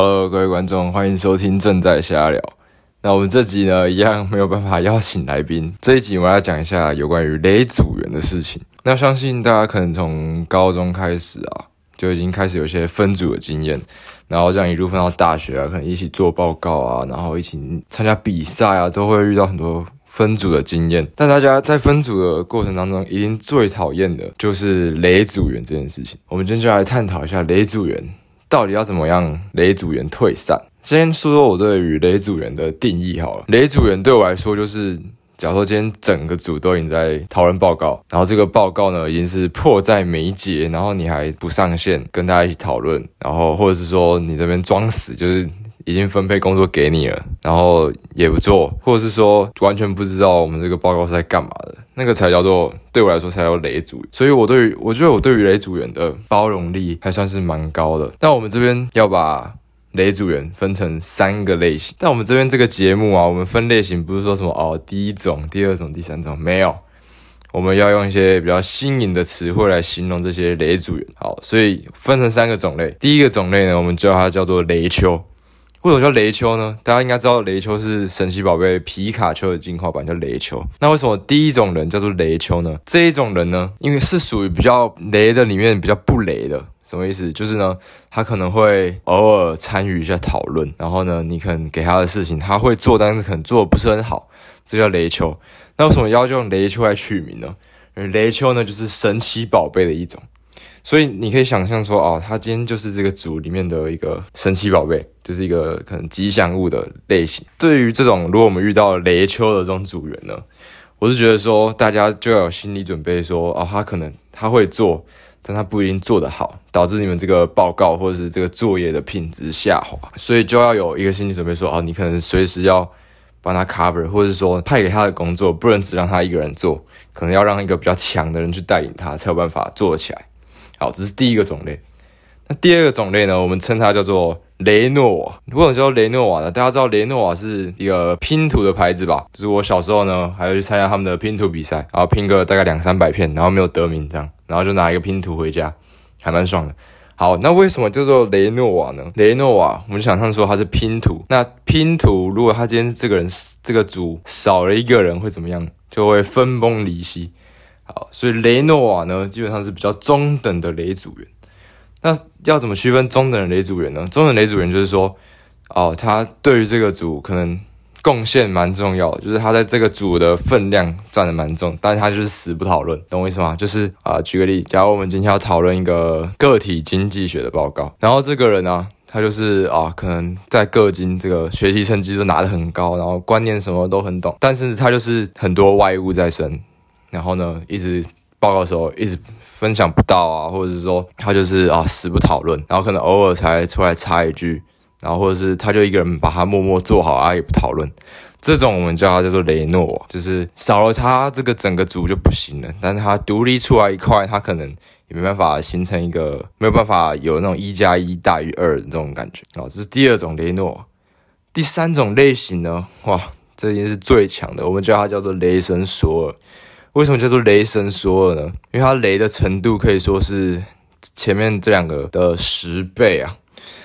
Hello，各位觀眾，歡迎收聽正在瞎聊。那我們這集呢，一樣沒有辦法邀請來賓。這一集我們要講一下有關於雷組員的事情。那相信大家可能從高中開始啊，就已經開始有一些分組的經驗，然後這樣一路分到大學啊，可能一起做報告啊，然後一起參加比賽啊，都會遇到很多分組的經驗。但大家在分組的過程當中，一定最討厭的就是雷組員這件事情。我們今天就來探討一下雷組員。到底要怎麼樣，雷組員退散。先說說我對於雷組員的定義好了。雷組員對我來說，就是，假如說今天整個組都已經在討論報告，然後這個報告呢，已經是迫在眉睫，然後你還不上線跟大家一起討論，然後或者是說你這邊裝死，就是。已經分配工作給你了，然後也不做，或者是說完全不知道我們這個報告是在幹嘛的，那個才叫做，對我來說才叫雷組員。所以我對於我覺得我對於雷組員的包容力還算是蠻高的。但我們這邊要把雷組員分成三個類型。但我們這邊這個節目啊，我們分類型不是說什麼哦，第一種、第二種、第三種沒有，我們要用一些比較新穎的詞彙來形容這些雷組員。好，所以分成三個種類。第一個種類呢，我們叫它叫做雷丘。為什麼叫雷丘呢？大家應該知道，雷丘是神奇寶貝皮卡丘的進化版，叫雷丘。那為什麼第一種人叫做雷丘呢？這一種人呢，因為是屬於比較雷的裡面比較不雷的。什麼意思？就是呢，他可能會偶爾參與一下討論，然後呢，你可能給他的事情，他會做，但是可能做的不是很好。這叫雷丘。那為什麼要用雷丘來取名呢？雷丘呢，就是神奇寶貝的一種。所以你可以想象說，哦，他今天就是這個組裡面的一個神奇寶貝，就是一個可能吉祥物的類型。對於這種，如果我們遇到雷丘的這種組員呢，我是覺得說，大家就要有心理準備，說，哦，他可能他會做，但他不一定做得好，導致你們這個報告或者是這個作業的品質下滑。所以就要有一個心理準備，說，哦，你可能隨時要幫他 cover，或者說派給他的工作不能只讓他一個人做，可能要讓一個比較強的人去帶領他，才有辦法做得起來。好，這是第一個種類。那第二個種類呢？我們稱它叫做雷諾瓦。為什麼叫雷諾瓦呢？大家知道雷諾瓦是一個拼圖的牌子吧？就是我小時候呢，還要去參加他們的拼圖比賽，然後拼個大概兩三百片，然後沒有得名這樣，然後就拿一個拼圖回家，還蠻爽的。好，那為什麼叫做雷諾瓦呢？雷諾瓦，我們就想象說它是拼圖。那拼圖，如果它今天是這個人這個組少了一個人，會怎麼樣？就會分崩離析。好，所以雷諾瓦呢，基本上是比較中等的雷組員。那要怎麼區分中等的雷組員呢？中等雷組員就是說，哦、呃，他對於這個組可能貢獻蠻重要，就是他在這個組的分量佔的蠻重，但是他就是死不討論，懂我意思嗎？就是啊、呃，舉個例，假如我們今天要討論一個個體經濟學的報告，然後這個人呢、啊，他就是啊、呃，可能在個經這個學習成績都拿得很高，然後觀念什麼都很懂，但是他就是很多外務在身。然後呢，一直報告的時候一直分享不到啊，或者是說他就是啊死不討論，然後可能偶爾才出來插一句，然後或者是他就一個人把他默默做好啊也不討論。這種我們叫他叫做雷諾，就是少了他這個整個組就不行了，但是他獨立出來一塊，他可能也沒辦法形成一個沒有辦法有那種一加一大於二的這種感覺啊，然後這是第二種雷諾。第三種類型呢，哇，這已經是最強的，我們叫他叫做雷神索爾。為什麼叫做雷神索爾呢？因為他雷的程度可以說是前面這兩個的十倍啊！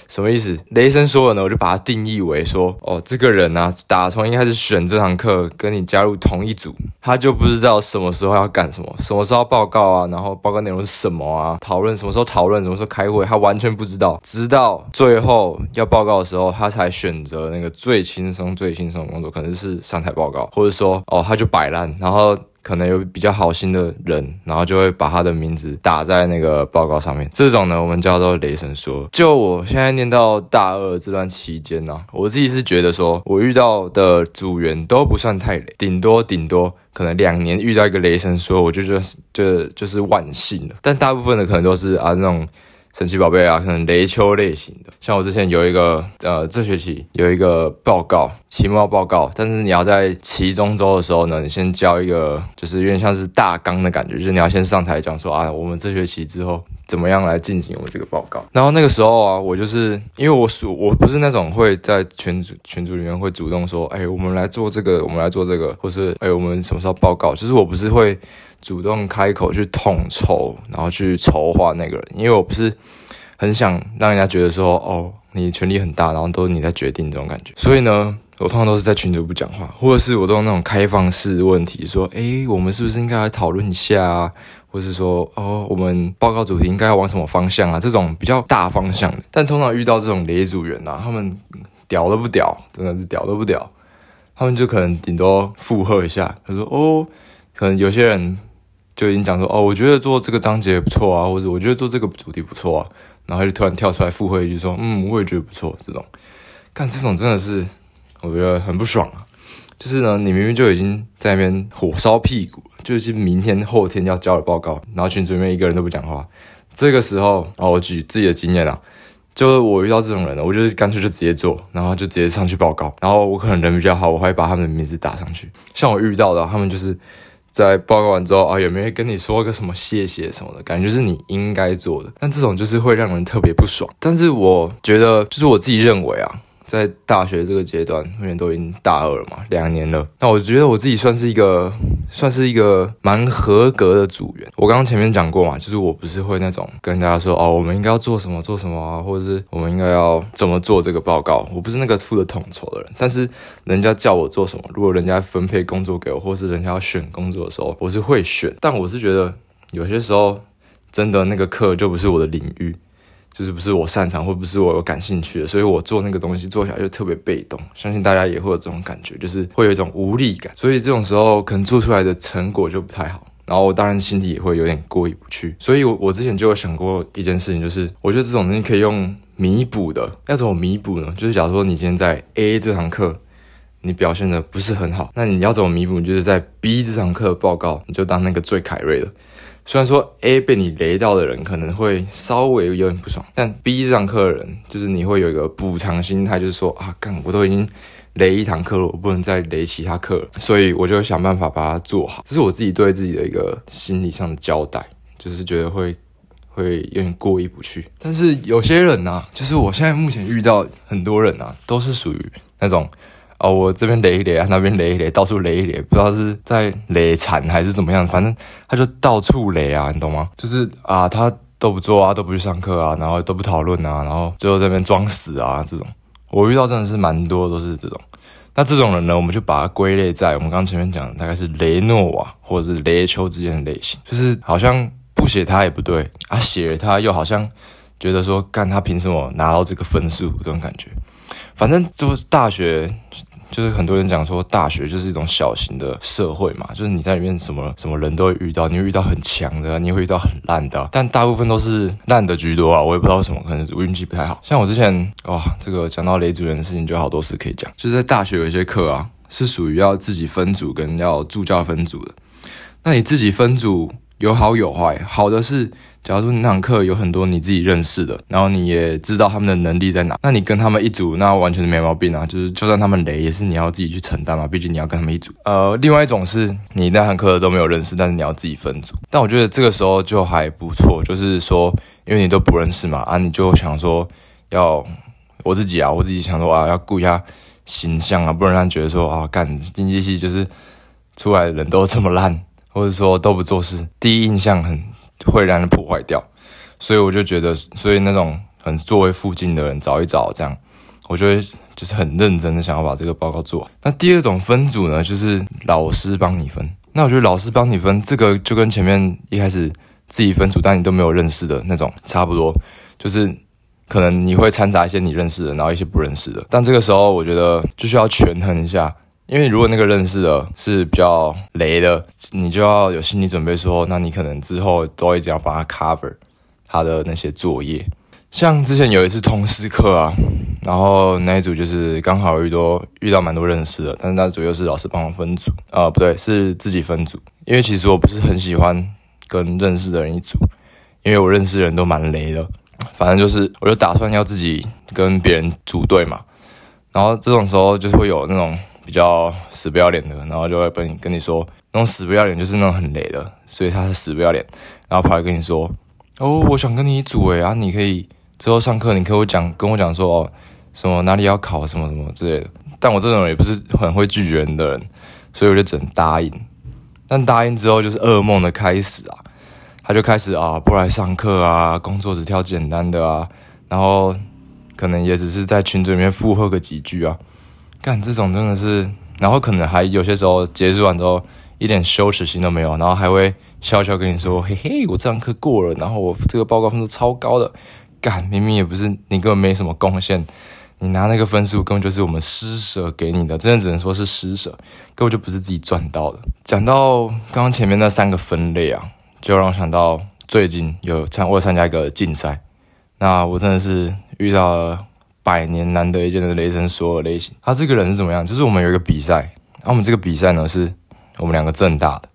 什麼意思？雷神索爾呢，我就把它定義為說，哦，這個人啊，打從一開始選這堂課，跟你加入同一組，他就不知道什麼時候要幹什麼，什麼時候報告啊，然後報告內容是什麼啊，討論什麼時候討論，什麼時候開會，他完全不知道，直到最後要報告的時候，他才選擇那個最輕鬆、最輕鬆的工作，可能是上台報告，或者說，哦，他就擺爛，然後。可能有比較好心的人，然後就會把他的名字打在那個報告上面。這種呢，我們叫做雷神說。就我現在念到大二這段期間呢、啊，我自己是覺得說，我遇到的組員都不算太雷，頂多頂多可能兩年遇到一個雷神說，我就覺得就就是萬幸了。但大部分的可能都是啊那種。神奇寶貝啊，可能雷丘類型的。像我之前有一個，呃，這學期有一個報告，期末報告，但是你要在期中周的時候呢，你先交一個，就是有點像是大綱的感覺，就是你要先上台講說啊，我們這學期之後。怎麼樣來進行我們這個報告？然後那個時候啊，我就是因為我是我不是那種會在群組群組裡面會主動說，哎，我們來做這個，我們來做這個，或是哎，我們什麼時候報告？其實我不是會主動開口去統籌，然後去籌劃那個人，因為我不是很想讓人家覺得說，哦，你權力很大，然後都是你在決定這種感覺。所以呢，我通常都是在群組不講話，或者是我都用那種開放式問題，說，哎，我們是不是應該來討論一下啊？或是說哦，我們報告主題應該要往什麼方向啊？這種比較大方向，但通常遇到這種雷組員啊，他們屌都不屌，真的是屌都不屌，他們就可能頂多附和一下。他、就是、說哦，可能有些人就已經講說哦，我覺得做這個章節不錯啊，或者我覺得做這個主題不錯啊，然後就突然跳出來附和一句說嗯，我也覺得不錯。這種，幹這種真的是，我覺得很不爽啊。就是呢，你明明就已經在那邊火燒屁股，就是明天後天要交的報告，然後群裡面一個人都不講話。這個時候，我舉自己的經驗啊，就是我遇到這種人了，我就是乾脆就直接做，然後就直接上去報告。然後我可能人比較好，我會把他們的名字打上去。像我遇到的啊，他們就是在報告完之後啊，有沒有跟你說個什麼謝謝什麼的，感覺就是你應該做的。但這種就是會讓人特別不爽。但是我覺得，就是我自己認為啊。在大學這個階段，目前都已經大二了嘛，兩年了。那我覺得我自己算是一個，算是一個蠻合格的組員。我剛剛前面講過嘛，就是我不是會那種跟大家說哦，我們應該要做什麼做什麼啊，或者是我們應該要怎麼做這個報告，我不是那個負責統籌的人。但是人家叫我做什麼，如果人家分配工作給我，或是人家要選工作的時候，我是會選。但我是覺得有些時候，真的那個課就不是我的領域。就是不是我擅長，或不是我有感興趣的，所以我做那個東西做起來就特別被動。相信大家也會有這種感覺，就是會有一種無力感。所以這種時候可能做出來的成果就不太好，然後我當然心裡也會有點過意不去。所以，我我之前就有想過一件事情，就是我覺得這種東西可以用彌補的。要怎麼彌補呢？就是假如說你今天在 A 這堂課你表現的不是很好，那你要怎麼彌補？你就是在 B 這堂課報告，你就當那個最凱瑞了。雖然說 A 被你雷到的人可能會稍微有點不爽，但 B 這堂課的人就是你會有一個補償心態，就是說啊，幹，我都已經雷一堂課了，我不能再雷其他課了，所以我就想辦法把它做好，這是我自己對自己的一個心理上的交代，就是覺得會會有點過意不去。但是有些人呢、啊，就是我現在目前遇到很多人呢、啊，都是屬於那種。哦，我這邊雷一雷啊，那邊雷一雷，到處雷一雷，不知道是在雷慘還是怎麼樣，反正他就到處雷啊，你懂嗎？就是啊，他都不做啊，都不去上課啊，然後都不討論啊，然後最後在那邊裝死啊，這種我遇到真的是蠻多都是這種。那這種人呢，我們就把它歸類在我們剛前面講的，大概是雷諾啊，或者是雷秋之間的類型，就是好像不寫他也不對啊，寫了他又好像覺得說，幹他憑什麼拿到這個分數這種感覺，反正就大學。就是很多人講說，大學就是一種小型的社會嘛，就是你在裡面什麼什麼人都會遇到，你會遇到很強的啊，你會遇到很爛的啊，但大部分都是爛的居多啊。我也不知道為什麼，可能運氣不太好。像我之前哇，這個講到雷主任的事情，就好多事可以講。就是在大學有一些課啊，是屬於要自己分組跟要助教分組的，那你自己分組。有好有壞，好的是，假如說你那堂課有很多你自己認識的，然後你也知道他們的能力在哪，那你跟他們一組，那完全沒毛病啊。就是就算他們雷，也是你要自己去承擔嘛，畢竟你要跟他們一組。呃，另外一種是你那堂課都沒有認識，但是你要自己分組。但我覺得這個時候就還不錯，就是說，因為你都不認識嘛，啊，你就想說要我自己啊，我自己想說啊，要顧一下形象啊，不能讓人覺得說啊，幹，經濟系就是出來的人都這麼爛。或者說都不做事，第一印象很會讓人破壞掉，所以我就覺得，所以那種很座位附近的人找一找這樣，我就會就是很認真的想要把這個報告做。那第二種分組呢，就是老師幫你分。那我覺得老師幫你分這個就跟前面一開始自己分組，但你都沒有認識的那種差不多，就是可能你會摻雜一些你認識的，然後一些不認識的，但這個時候我覺得就需要權衡一下。因為如果那個認識的是比較雷的，你就要有心理準備說，說那你可能之後都一直要把它 cover 他的那些作業。像之前有一次通識課啊，然後那一組就是剛好遇多遇到蠻多認識的，但是那組又是老師幫我分組啊，呃、不對，是自己分組。因為其實我不是很喜歡跟認識的人一組，因為我認識的人都蠻雷的，反正就是我就打算要自己跟別人組隊嘛。然後這種時候就是會有那種。比較死不要臉的，然後就會跟你跟你說，那種死不要臉就是那種很雷的，所以他是死不要臉，然後跑來跟你說，哦，我想跟你一組哎啊，你可以之後上課你可以講跟我講說哦，什麼哪裡要考什麼什麼之類的，但我這種人也不是很會拒絕人的人，所以我就只能答應，但答應之後就是噩夢的開始啊，他就開始啊不來上課啊，工作只挑簡單的啊，然後可能也只是在群組裡面附和個幾句啊。幹這種真的是，然後可能還有些時候結束完之後一點羞恥心都沒有，然後還會笑笑跟你說嘿嘿，我這堂課過了，然後我這個報告分數超高的。幹，明明也不是你，根本沒什麼貢獻，你拿那個分數根本就是我們施捨給你的，真的只能說是施捨，根本就不是自己賺到的。講到剛剛前面那三個分類啊，就讓我想到最近有參我有參加一個競賽，那我真的是遇到了。百年難得一見的雷神索爾類型，他這個人是怎麼樣？就是我們有一個比賽，啊，我們這個比賽呢是，我們兩個政大的，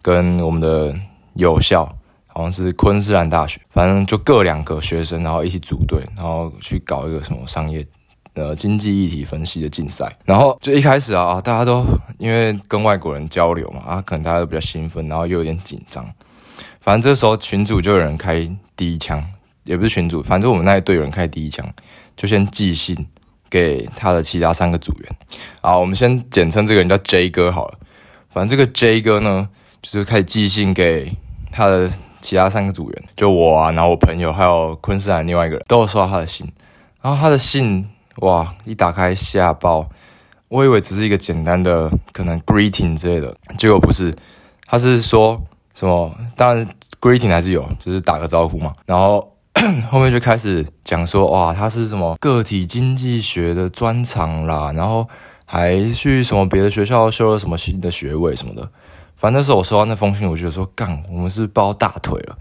跟我們的友校，好像是昆士蘭大學，反正就各兩個學生，然後一起組隊，然後去搞一個什麼商業，呃，經濟議題分析的競賽。然後就一開始啊，啊大家都因為跟外國人交流嘛，啊，可能大家都比較興奮，然後又有點緊張。反正這時候群組就有人開第一槍。也不是群主，反正我們那一隊人開第一槍，就先寄信給他的其他三個組員。好，我們先簡稱這個人叫 J 哥好了。反正這個 J 哥呢，就是開始寄信給他的其他三個組員，就我啊，然後我朋友，還有昆士蘭另外一個人，都有收到他的信。然後他的信哇，一打開嚇爆，我以為只是一個簡單的可能 greeting 之類的，結果不是，他是說什麼？當然 greeting 還是有，就是打個招呼嘛，然後。 後面就開始講說哇，他是什麼個體經濟學的專長啦，然後還去什麼別的學校修了什麼新的學位什麼的。反正那時候我收到那封信，我覺得說幹，我們是抱大腿了。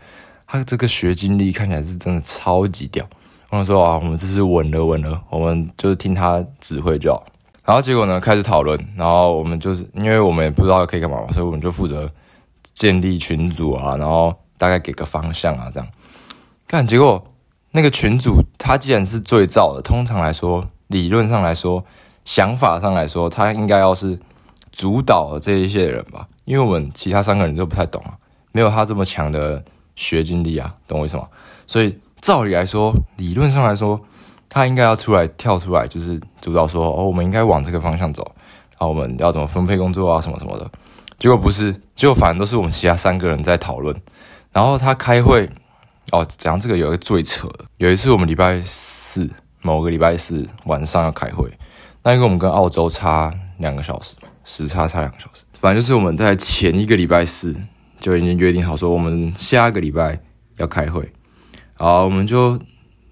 他這個學經歷看起來是真的超級屌。然後我說啊，我們這是穩了穩了，我們就是聽他指揮就好。然後結果呢，開始討論，然後我們就是因為我們也不知道可以幹嘛嘛，所以我們就負責建立群組啊，然後大概給個方向啊，這樣。但結果，那個群主他既然是最早的，通常來說，理論上來說，想法上來說，他應該要是主導這一些人吧，因為我們其他三個人都不太懂啊，沒有他這麼強的學經歷啊，懂我意思嗎？所以照理來說，理論上來說，他應該要出來跳出來，就是主導說，哦，我們應該往這個方向走，然後我們要怎麼分配工作啊，什麼什麼的。結果不是，結果反正都是我們其他三個人在討論，然後他開會。哦，講這個有一個最扯的。有一次我們禮拜四某個禮拜四晚上要開會，那因為我們跟澳洲差兩個小時，時差差兩個小時，反正就是我們在前一個禮拜四就已經約定好說我們下一個禮拜要開會。啊，我們就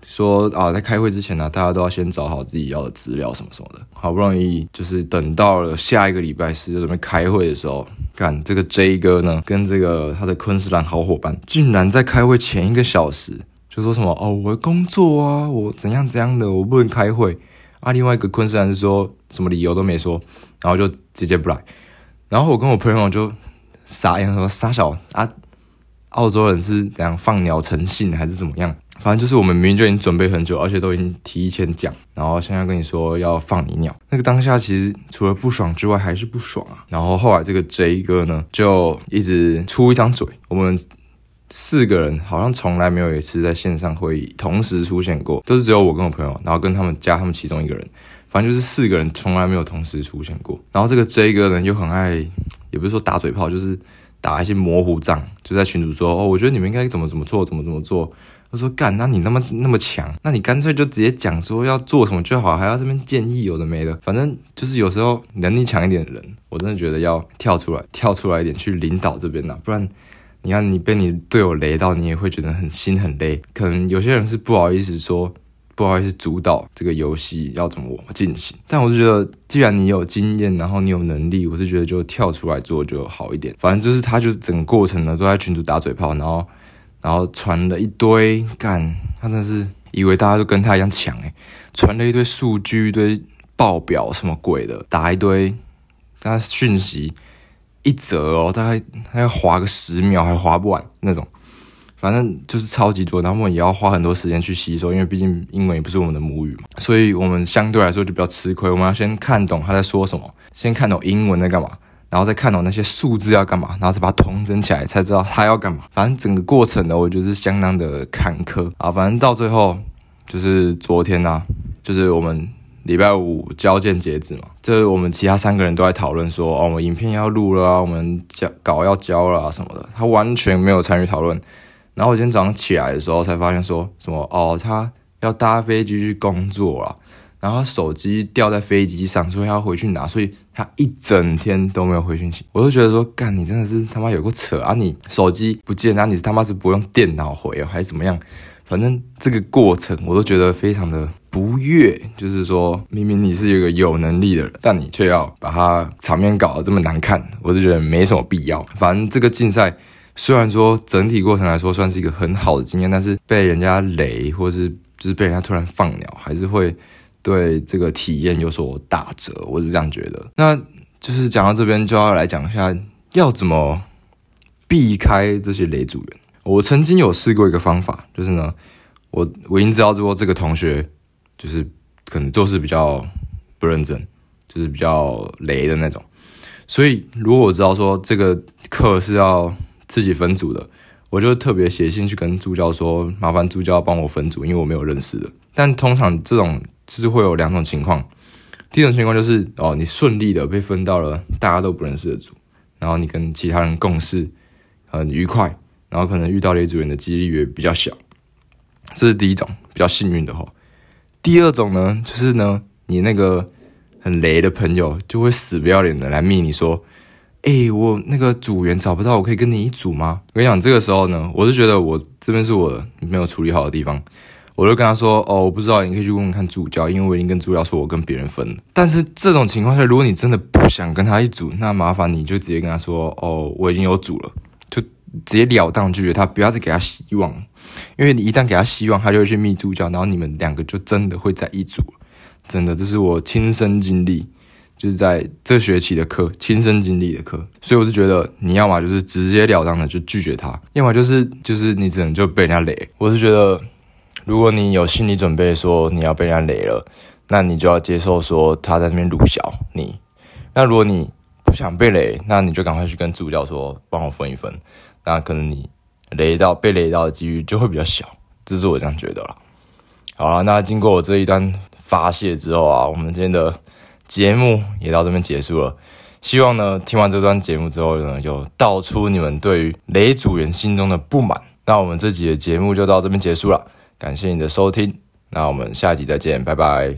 說啊，在開會之前呢，啊，大家都要先找好自己要的資料什麼什麼的。好不容易就是等到了下一個禮拜四就準備開會的時候。幹，這個 J 哥呢，跟這個他的昆士蘭好夥伴，竟然在開會前一個小時就說什麼哦，我的工作啊，我怎樣怎樣的，我不能開會啊。另外一個昆士蘭是說什麼理由都沒說，然後就直接不來。然後我跟我朋友就傻眼，說啥小啊，澳洲人是怎樣放鳥成性還是怎麼樣？反正就是我們明明就已經準備很久，而且都已經提前講，然後現在跟你說要放你鳥。那個當下其實除了不爽之外，還是不爽啊。然後後來這個 J 哥呢，就一直出一張嘴，我們四個人好像從來沒有一次在線上會議同時出現過，都是只有我跟我朋友，然後跟他們加他們其中一個人，反正就是四個人從來沒有同時出現過。然後這個 J 哥呢，又很愛，也不是說打嘴炮，就是打一些模糊仗，就在群組說哦，我覺得你們應該怎麼怎麼做，怎麼怎麼做。我說幹，那你那麼那麼強，那你乾脆就直接講說要做什麼就好，還要這邊建議有的沒的，反正就是有時候能力強一點的人，我真的覺得要跳出來，跳出來一點去領導這邊的啊，不然你看你被你隊友雷到，你也會覺得很心很累。可能有些人是不好意思說不好意思主導這個遊戲要怎麼進行，但我就覺得既然你有經驗，然後你有能力，我是覺得就跳出來做就好一點。反正就是他就是整個過程呢，都在群組打嘴炮，然後。然後傳了一堆，幹，他真是以為大家都跟他一樣強誒，傳了一堆數據，一堆報表，什麼鬼的，打一堆他訊息，一則哦，大概他要滑個十秒還滑不完那種，反正就是超級多，然後我們也要花很多時間去吸收，因為畢竟英文也不是我們的母語嘛，所以我們相對來說就比較吃虧，我們要先看懂他在說什麼，先看懂英文在幹嘛。然後再看懂、哦、那些數字要幹嘛，然後再把它統整起來，才知道他要幹嘛。反正整個過程呢，我就是相當的坎坷啊。反正到最後就是昨天吶、啊，就是我們禮拜五交件截止嘛，就是我們其他三個人都在討論說，哦，我們影片要錄了、啊，我們講稿要交了、啊、什麼的，他完全沒有參與討論。然後我今天早上起來的時候才發現說什麼，哦，他要搭飛機去工作了、啊。然後手機掉在飛機上，所以要回去拿，所以他一整天都沒有回訊息。我就覺得說，幹，你真的是他媽有個扯啊！你手機不見啊，你他媽是不用電腦回、哦、還是怎麼樣？反正這個過程我都覺得非常的不悅，就是說，明明你是一個有能力的人，但你卻要把他場面搞得這麼難看，我就覺得沒什麼必要。反正這個競賽雖然說整體過程來說算是一個很好的經驗，但是被人家雷，或是就是被人家突然放鳥，還是會。對這個體驗有所打折，我是這樣覺得。那就是講到這邊就要來講一下，要怎麼避開這些雷組員。我曾經有試過一個方法，就是呢，我我已經知道說這個同學就是可能就是比較不認真，就是比較雷的那種。所以如果我知道說這個課是要自己分組的，我就特別寫信去跟助教說，麻煩助教幫我分組，因為我沒有認識的。但通常這種。是會有兩種情況，第一種情況就是哦，你順利的被分到了大家都不認識的組，然後你跟其他人共事很愉快，然後可能遇到雷組員的幾率也比較小，這是第一種比較幸運的吼，第二種呢，就是呢，你那個很雷的朋友就會死不要臉的來密你說，誒、欸，我那個組員找不到，我可以跟你一組嗎？我跟你講，這個時候呢，我是覺得我這邊是我沒有處理好的地方。我就跟他說：“哦，我不知道，你可以去問問看助教，因為我已經跟助教說，我跟別人分了。但是這種情況下，如果你真的不想跟他一組，那麻煩你就直接跟他說：‘哦，我已經有組了’，就直接了當拒絕他，不要再給他希望，因為你一旦給他希望，他就會去密助教，然後你們兩個就真的會在一組。真的，這是我親身經歷，就是在這學期的課親身經歷的課，所以我就覺得你要嘛就是直接了當的就拒絕他，要麼就是就是你只能就被人家雷。”我是覺得。如果你有心理準備，說你要被人家雷了，那你就要接受說他在那邊辱小你。那如果你不想被雷，那你就趕快去跟助教說，幫我分一分。那可能你雷到被雷到的幾率就會比較小，這是我這樣覺得啦。好啦，那經過我這一段發洩之後啊，我們今天的節目也到這邊結束了。希望呢，聽完這段節目之後呢，有道出你們對於雷組員心中的不滿。那我們這集的節目就到這邊結束了。感謝你的收聽，那我們下集再見，拜拜。